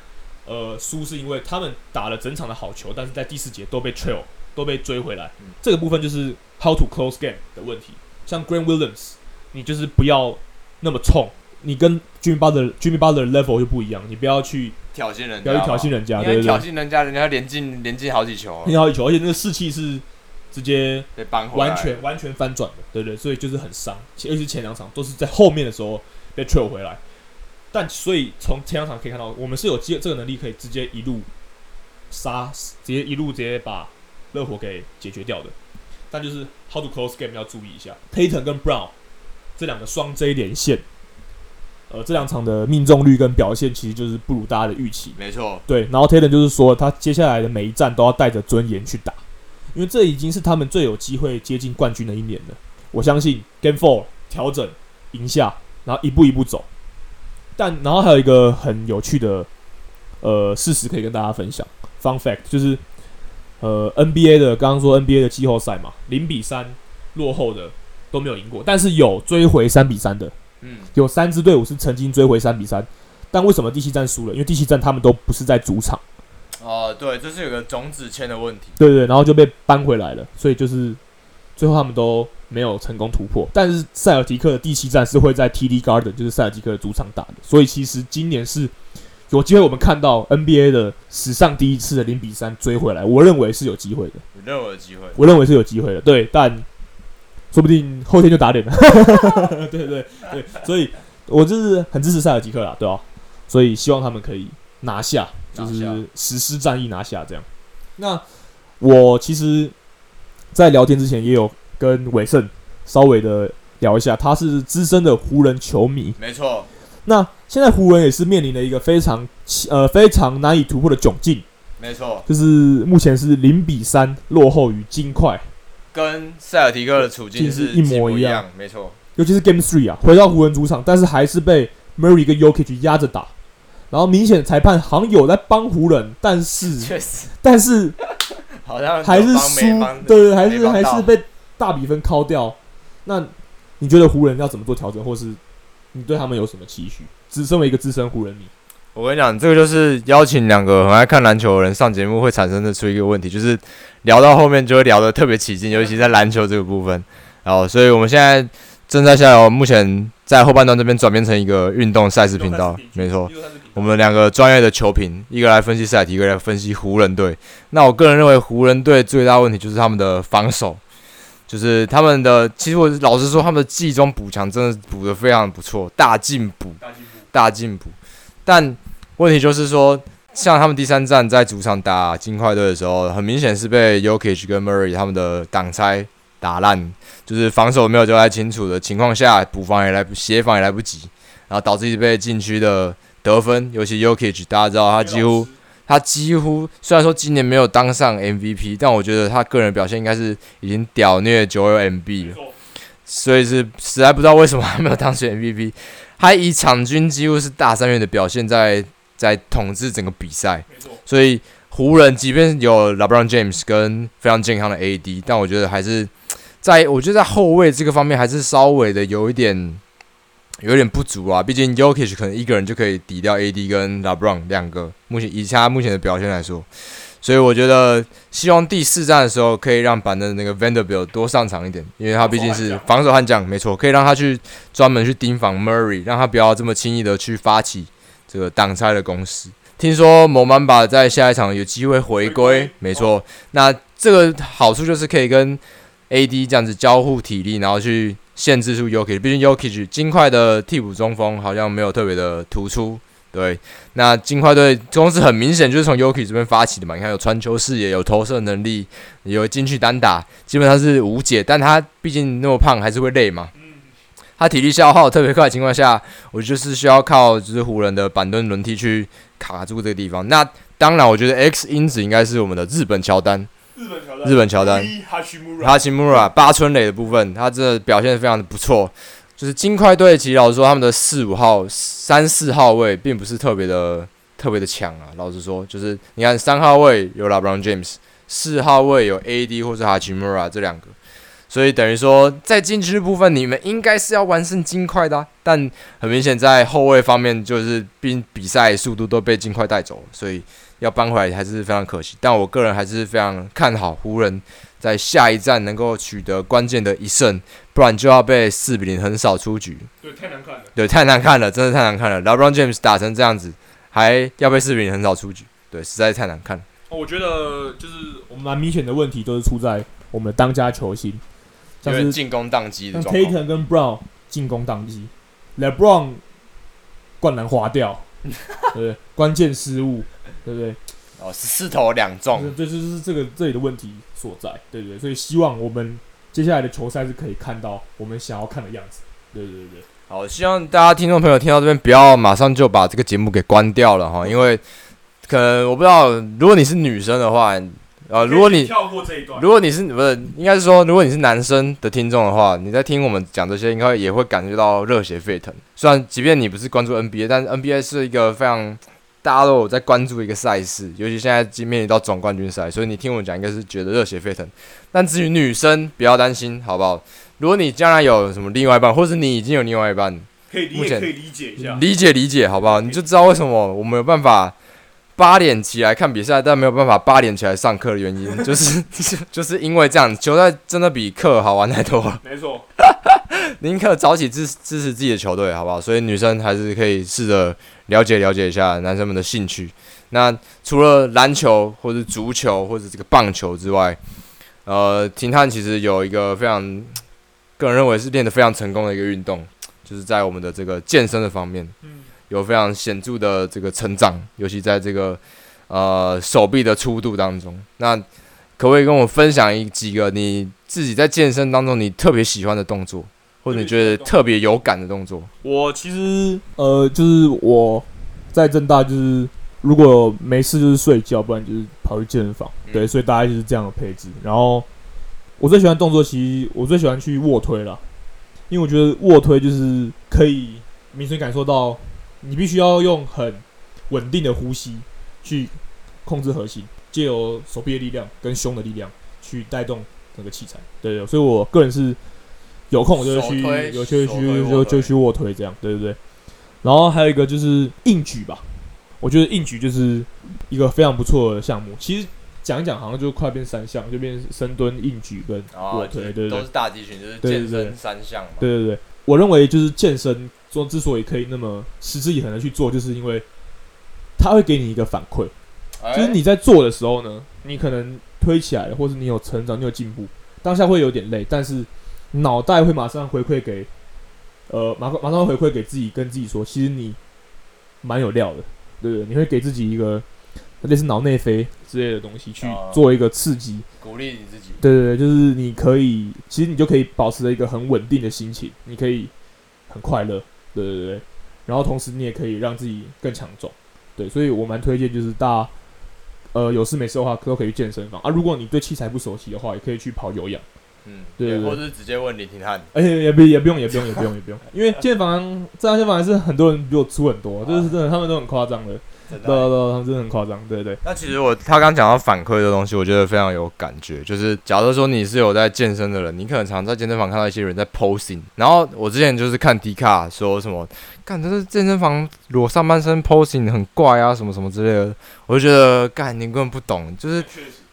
[SPEAKER 2] 呃輸，是因為他們打了整場的好球，但是在第四節都被 trail 都被追回來。嗯、這個部分就是 how to close game 的問題。像 Grant Williams，你就是不要那麼衝，你跟 Jimmy Butler, Jimmy Butler Jimmy Butler level 就不一樣，你不要去挑釁人家，不要去挑釁人家，對不對，對？挑
[SPEAKER 1] 釁人家，人家要連進連進好幾球，連進好幾
[SPEAKER 2] 球，而且那個士氣是直接完全回完全翻轉的，對，對對，所以就是很傷。而且前兩場都是在後面的時候。被抽回來，但所以從前兩場可以看到，我們是有這這個能力可以直接一路殺，直接一路直接把熱火給解決掉的。但就是 how to close game 要注意一下 Tatum 跟 Brown 這兩個雙 J 連線，呃，這兩場的命中率跟表現其實就是不如大家的預期。沒錯 錯，對。然後 Tatum 就是說，他接下來的每一戰都要帶着尊嚴去打，因為這已經是他們最有機會接近冠軍的一年了。我相信 Game Four 調整贏下。然後一步一步走，但然後還有一個很有趣的呃事實可以跟大家分享，fun fact 就是呃 NBA 的剛剛說 NBA 的季後賽嘛，零比三落後的都沒有贏過，但是有追回三比三的，嗯，有三支隊伍是曾經追回三比三，但為什麼第七戰輸了？因為第七戰他們都不是在主場，
[SPEAKER 1] 哦、呃，對，這是有個種子籤的問題，
[SPEAKER 2] 對，對對，然後就被搬回來了，所以就是。最後他們都沒有成功突破，但是塞爾提克的第七戰是會在 TD Garden，就是塞爾提克的主場打的，所以其實今年是有機會我們看到 NBA 的史上第一次的零比三追回來，我認為是有機會的。你認為有機會？我認為是有機會的，對，但說不定後天就打臉了。 對對對，對，所以我就是很支持塞爾提克啦，對吧、啊？所以希望他們可以拿下，就是實施戰役拿下這樣。下那我其實。在聊天之前，也有跟偉盛稍微的聊一下，他是資深的湖人球迷。
[SPEAKER 1] 沒錯錯。
[SPEAKER 2] 那現在湖人也是面臨了一個非常呃非常難以突破的窘境。沒錯錯。就是目前是零比三落後於金塊，
[SPEAKER 1] 跟塞爾提克的處境是一，是一模一樣。沒錯錯。
[SPEAKER 2] 尤其是 Game Three 啊，回到湖人主場，但是還是被 Murray 跟 Yokic 壓着打，然後明顯裁判好像有在幫湖人，但是實但是。 好像幫幫還是輸，對，對，對，還是還是被大比分扣掉。那你覺得湖人要怎麼做調整，或是你對他們有什麼期許？只身為一個資深湖人迷，我跟你
[SPEAKER 1] 講，這個就是邀請兩個很愛看籃球的人上節目會產生的出一個問題，就是聊到後面就會聊得特別起勁，尤其在籃球這個部分。然後、 哦，所以我們現在正在聊目前。在後半段這邊轉變成一個運動賽事頻道，沒錯。我們兩個專業的球評，一個來分析賽題，一個來分析湖人隊。那我個人認為湖人隊最大問題就是他們的防守，就是他們的。其實我老實說，他們的季中補強真的補得非常不錯，大進補，大進補。但問題就是說，像他們第三戰，在主場打金塊隊的時候，很明顯是被 Jokic 跟 Murray 他們的擋拆。打爛，就是防守沒有交代清楚的情況下，補防也來，協防也來不及，然後導致一直被禁區的得分。尤其 Jokic，、ok、大家知道他幾乎，他幾乎雖然說今年沒有當上 MVP，但我覺得他個人的表現應該是已經屌虐九六 MB 了，沒錯。所以是實在不知道為什麼還沒有當選 MVP。他以場均幾乎是大三元的表現在，在在統治整個比賽，所以。湖人即便有 LeBron James 跟非常健康的 AD，但我覺得還是在，我覺得在後衛這個方面還是稍微的有一點，有一點不足啊。畢竟 Jokic 可能一個人就可以抵掉 AD 跟 LeBron 兩個。目前以他目前的表現來說，所以我覺得希望第四戰的時候可以讓板凳的那個 Vanderbilt 多上場一點，因為他畢竟是防守悍將，沒錯，可以讓他去專門去盯防 Murray，讓他不要這麼輕易的去發起這個擋拆的攻勢。聽說某 m a 在下一場有機會回歸，沒錯。那這個好處就是可以跟 AD 這樣子交互體力，然後去限制住 Yuki。畢竟 Yuki 金塊的替補中鋒好像沒有特別的突出，對。那金塊隊中是很明顯就是從 Yuki、ok、這邊發起的嘛，你看有傳球視野，有投射能力，有進去單打，基本上是無解。但他畢竟那麼胖，還是會累嘛。他體力消耗特別快的情況下，我就是需要靠就是湖人的板凳輪替去卡住這個地方。那當然，我覺得 X 因子應該是我們的日本喬丹，日本喬丹，日本喬丹，Hachimura 八村壘的部分，他這表現的非常的不錯。就是金塊隊其實，老實說，他們的四五號三四號位並不是特別的特別的強啊。老實說，就是你看三號位有 LeBron James，四號位有 AD 或者 Hachimura 這兩個。所以等於說，在禁區的部分你們應該是要完勝金塊的。啊,但很明顯在後衛方面，就是比比賽速度都被金塊帶走了，所以要扳回來還是非常可惜。但我個人還是非常看好湖人，在下一站能夠取得關鍵的一勝，不然就要被四比零橫掃出局。對，太難看了。對，太難看了,真的太難看了。LeBron James 打成這樣子，還要被四比零橫掃出局，對，實在是太
[SPEAKER 2] 難看了。我覺得就是我們蠻明顯的問題，都是出在我們當家球星。像是進攻宕機的狀況，像 Tatum 跟 Brown 進攻宕機，LeBron 灌籃滑掉，對，關鍵失誤，對不對？哦，四投兩中，這 就是這個 這裡的問題所在，對，對對？所以希望我們接下來的球賽是可以看到我們想要看的樣子，對對對，對。好，希望大家聽眾
[SPEAKER 1] 朋友聽到這邊不要馬上就把這個節目給關掉了哈，因為可能我不知道，如果你是女生的話。啊，如果你，如果你是，不是，應該是說，如果你是男生的聽眾的話，你在聽我們講這些，應該也會感覺到熱血沸騰。雖然即便你不是關注 NBA，但是 NBA 是一個非常大家都有在關注一個賽事，尤其現在今面臨到總冠軍賽，所以你聽我講，應該是覺得熱血沸騰。但至於女生，嘿不要擔心，好不好？如果你將來有什麼另外一半，或者你已經有另外一半，可
[SPEAKER 2] 以理解一下，理
[SPEAKER 1] 解理解，好不好？你就知道為什麼我沒有辦法。八點起來看比賽，但沒有辦法八點起來上課的原因，就是就是因為這樣，球賽真的比課好玩太多了沒錯。沒錯，寧可早起支持支持自己的球隊，好不好？所以女生還是可以試着了解了解一下男生們的興趣。那除了籃球或者足球或者這個棒球之外，呃，廷探其實有一個非常個人認為是練得非常成功的一個運動，就是在我們的這個健身的方面。嗯有非常顯著的這個成長，尤其在這個呃手臂的粗度當中。那可不可以跟我分享幾個你自己在健身當中你特別喜歡的動作，或者你覺得特別有感的動作？動
[SPEAKER 2] 作我其實呃就是我在政大就是如果沒事，就是睡覺，不然就是跑去健身房。嗯、對，所以大概就是這樣的配置。然後我最喜歡動作，其實我最喜歡去臥推了，因為我覺得臥推就是可以明顯感受到。你必須要用很穩定的呼吸去控制核心，借由手臂的力量跟胸的力量去帶動整個器材。對，對,對，所以我個人是有空就去，臥推有就去就就去臥推這樣，對不對，對？然後還有一個就是硬舉吧，我覺得硬舉就是一個非常不錯的項目。其實講一講，好像就快變三項，就變深蹲、硬舉跟臥推，哦、對,對,對，都是大肌群，就是健身三項嘛。對對對，我認為就是健身。做之所以可以那麼持之以恆的去做，就是因為他會給你一個反饋，欸、就是你在做的時候呢，你可能推起來了，或者你有成長，你有進步，當下會有點累，但是腦袋會馬上回饋給，呃，馬馬上回饋給自己，跟自己說，其實你蠻有料的，對不對？你會給自己一個類似腦內啡之類的東西去做一個刺激，啊、鼓勵你自己。對對對，就是你可以，其實你就可以保持着一個很穩定的心情，你可以很快樂。對對對，然後同時你也可以讓自己更強壯，對，所以我蠻推薦就是大家，呃，有事沒事的話都可以去健身房啊。如果你對器材不熟悉的話，也可以去跑有氧，嗯，對，對，對，我是
[SPEAKER 1] 直接問林庭瀚。而且也不也不用也不用也不用也不用，不用不用
[SPEAKER 2] 因為健身房在健身房還是很多人比我粗很多，啊、就是真的，他們都很誇張的。對，對對，真的很誇張。對對，對，那
[SPEAKER 1] 其實我他剛講到反饋的東西，我覺得非常有感覺。就是假如說你是有在健身的人，你可能常在健身房看到一些人在 posing。然後我之前就是看迪卡說什麼，看這健身房裸上半身 posing 很怪啊，什麼什麼之類的。我就覺得，幹，你根本不懂，就是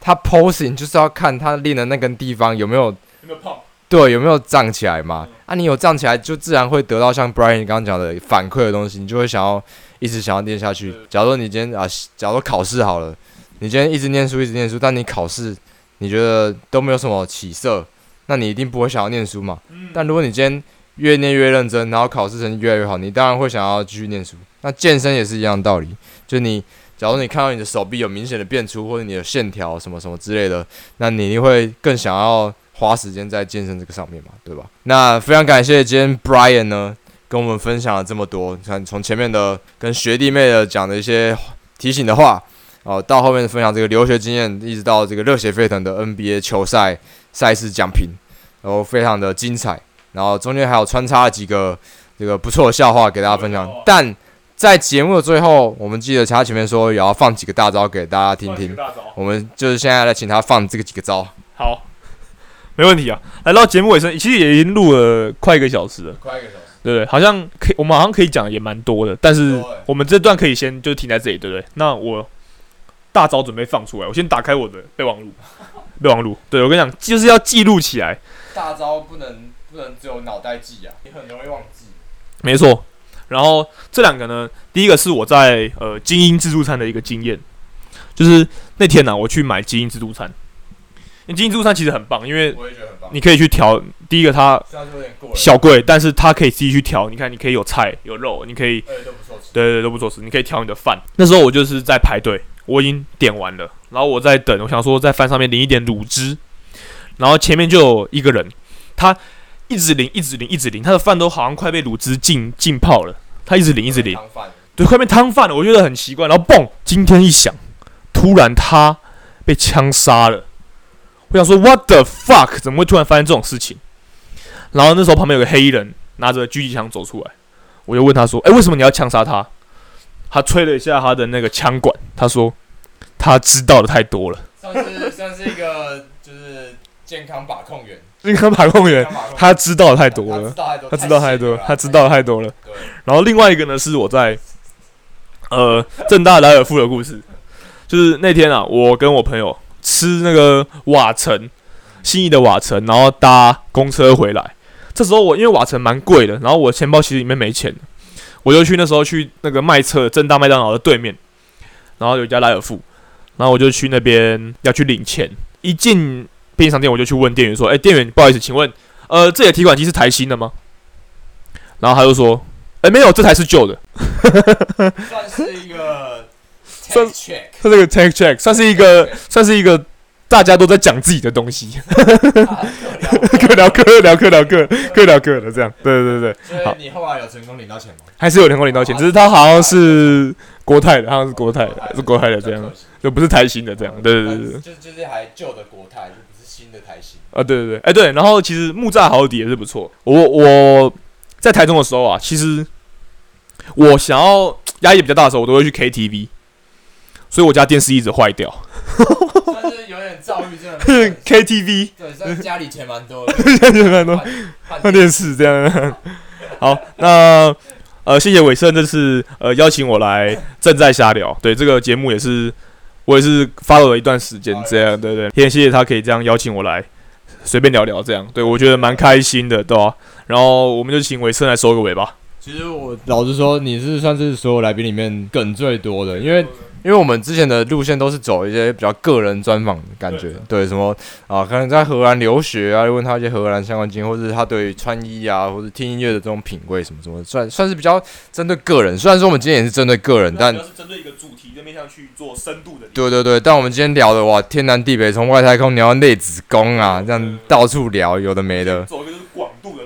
[SPEAKER 1] 他 posing 就是要看他練的那個地方有沒有，有，沒有胖，對，有沒有脹起來嘛？嗯、啊，你有脹起來，就自然會得到像 Brian 剛剛講的反饋的東西，你就會想要。一直想要練下去。假如你今天啊，假如考試好了，你今天一直念書，一直念書，但你考試，你覺得都沒有什麼起色，那你一定不會想要念書嘛。但如果你今天越念越認真，然後考試成績越來越好，你當然會想要繼續念書。那健身也是一樣的道理，就你假如你看到你的手臂有明顯的變粗，或者你的線條什麼什麼之類的，那你一定會更想要花時間在健身這個上面嘛，對吧？那非常感謝今天 Brian 呢。跟我們分享了這麼多，你看從前面的跟學弟妹的講的一些提醒的話，哦，到後面的分享這個留學經驗，一直到這個熱血沸騰的 NBA 球賽賽事講評，然後非常的精彩，然後中間還有穿插了幾個這個不錯的笑話給大家分享。但在節目的最後，我們記得他前面說也要放幾個大招給大家聽
[SPEAKER 2] 聽，我們就是現在來請他放這個幾個招，好，沒問題啊。來到節目尾聲，其實也已經錄了快一個小時了，快一個對，好像可以我們好像可以講的也蠻多的，但是我們這段可以先就停在這裡，對不對？那我大招準備放出來，我先打開我的備忘錄， 備忘錄，對我跟你講，就是要記錄起來，
[SPEAKER 1] 大招不能不能只有腦袋記啊，你很容易忘記，
[SPEAKER 2] 沒錯。然後這兩個呢，第一個是我在呃精英自助餐的一個經驗，就是那天呢、啊，我去買精英自助餐。你金豬餐其實很棒，因為你可以去調第一個，它小貴，但是它可以自己去調。你看，你可以有菜有肉，你可以對，對，對都不錯對都不錯吃。你可以調你的飯。那時候我就是在排隊，我已經點完了，然後我在等，我想說在飯上面淋一點滷汁，然後前面就有一個人，他一直淋，一直淋，一直淋，他的飯都好像快被滷汁浸浸泡了。他一直淋，一直淋，對，一直淋對，快被湯飯了，了，我覺得很奇怪。然後嘣，驚天一響，突然他被槍殺了。我想說 What the fuck？怎麼會突然發生這種事情？然後那時候旁邊有個黑衣人拿着狙擊槍走出來，我就問他說：“哎、欸，為什麼你要槍殺他？”他吹了一下他的那個槍管，他說：“他知道的太多了。”像
[SPEAKER 1] 是像是一個就是健康把控員，
[SPEAKER 2] 健康把控員，控員他知道的太多了，他知道太多，他知道太多，太,太多了。了然後另外一個呢是我在呃政大萊爾富的故事， 就是那天啊，我跟我朋友。吃那個瓦城，信義的瓦城，然後搭公車回來。這時候我因為瓦城蠻貴的，然後我錢包其實裡面沒錢我就去那時候去那個賣車政大麥當勞的對面，然後有一家萊爾富，然後我就去那邊要去領錢。一進便利商店，我就去問店員說：“哎、欸，店員，不好意思，請問，呃，這台提款機是台新的嗎？”然後他就說：“哎、欸，沒有，這台是舊的。 ”算是一個。算他那個 tech check 算是一個算是一個，大家都在講自己的東西，各聊各，聊各聊各，各聊各的這樣，對對對對。所以你後來有成功領到錢嗎？還是有成功領到錢，只是他好像是國泰的，好像是國泰的，是國泰的這樣，就不是台新的這樣，對對對對。就就
[SPEAKER 1] 是還舊的國泰，
[SPEAKER 2] 就不是新的台新。啊，對對對，哎對，然後其實木柵豪邸也是不錯。我我在台中的時候啊，其實我想要壓力比較大的時候，我都會去 K T V 所以我家電視一直壞掉，就是有點躁鬱，真的 KTV 對，所以家裡錢蠻多的，錢蠻 多，換電、電視這樣。 好，那呃，謝謝偉盛這次呃邀請我來正在瞎聊。對這個節目也是我也是 follow 了一段時間這樣，對、對對。也謝謝他可以這樣邀請我來隨便聊聊這樣，對我覺得蠻開心的，對吧、啊？然後我們就請偉盛來收個尾吧。其實我老實說，
[SPEAKER 1] 你是算是所有來賓裡面梗最多的，因為。因為我們之前的路線都是走一些比較個人專訪的感覺，對，對什麼啊，可能在荷蘭留學啊，問他一些荷蘭相關經驗，或是他對於穿衣啊，或者聽音樂的這種品味什麼什麼，算算是比較針對個人。雖然說我們今天也是針對個人，對但是
[SPEAKER 2] 針對一個主題的面向去做深度
[SPEAKER 1] 的。對對對，但我們今天聊的哇，天南地北，從外太空聊到內子宮啊，這樣到處聊，有的沒的。的。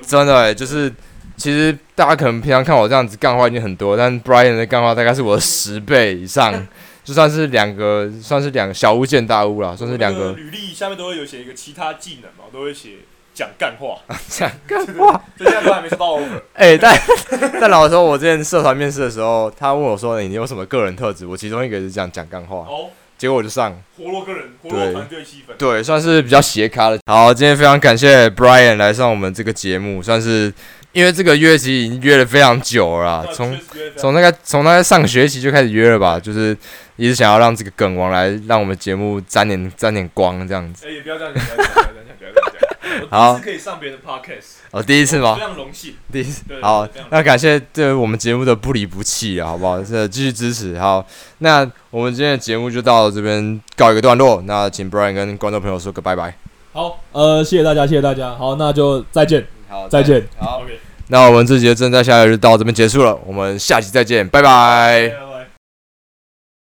[SPEAKER 1] 真的，欸，就是其實大家可能平常看我這樣子幹話已經很多，但 Brian 的幹話大概是我的十倍以上。 就算是兩個，算是兩個小巫見大巫了，算是兩個。履
[SPEAKER 2] 歷下面都會有寫一個其他技能嘛，都會寫講幹話，講幹 話。這 現在都還沒收到。哎、欸，但 但老
[SPEAKER 1] 實說，我之前社團面試的時候，他問我說：“你有什麼個人特質？”我其中一個是這樣講幹話。哦，oh, 結果我就上活絡個人，活絡團隊氣氛，對，算是比較斜咖的。好，今天非常感謝 Brian 來上我們這個節目，算是。因為這個約其實已經約了非常久了，從從那個從那個上學期就開始約了吧，就是一直想要讓這個梗王來讓我們節目沾點沾點光這樣子。哎、欸，不要這樣子，不要這樣子，好，可以上別的 Podcast 哦，第一次嗎？非常榮幸，第一次。好，那感謝對我們節目的不離不棄啊，好不好？這繼續支持。好，那我們今天的節目就到這邊告一個段落。那請 Brian 跟觀眾朋友說個拜拜。
[SPEAKER 2] 好，呃，謝謝大家，謝謝大家。好，那就再見。好，再見。好
[SPEAKER 1] ，Okay，那我們這集的正在下來就到這邊結束了，我們下期再見，拜拜。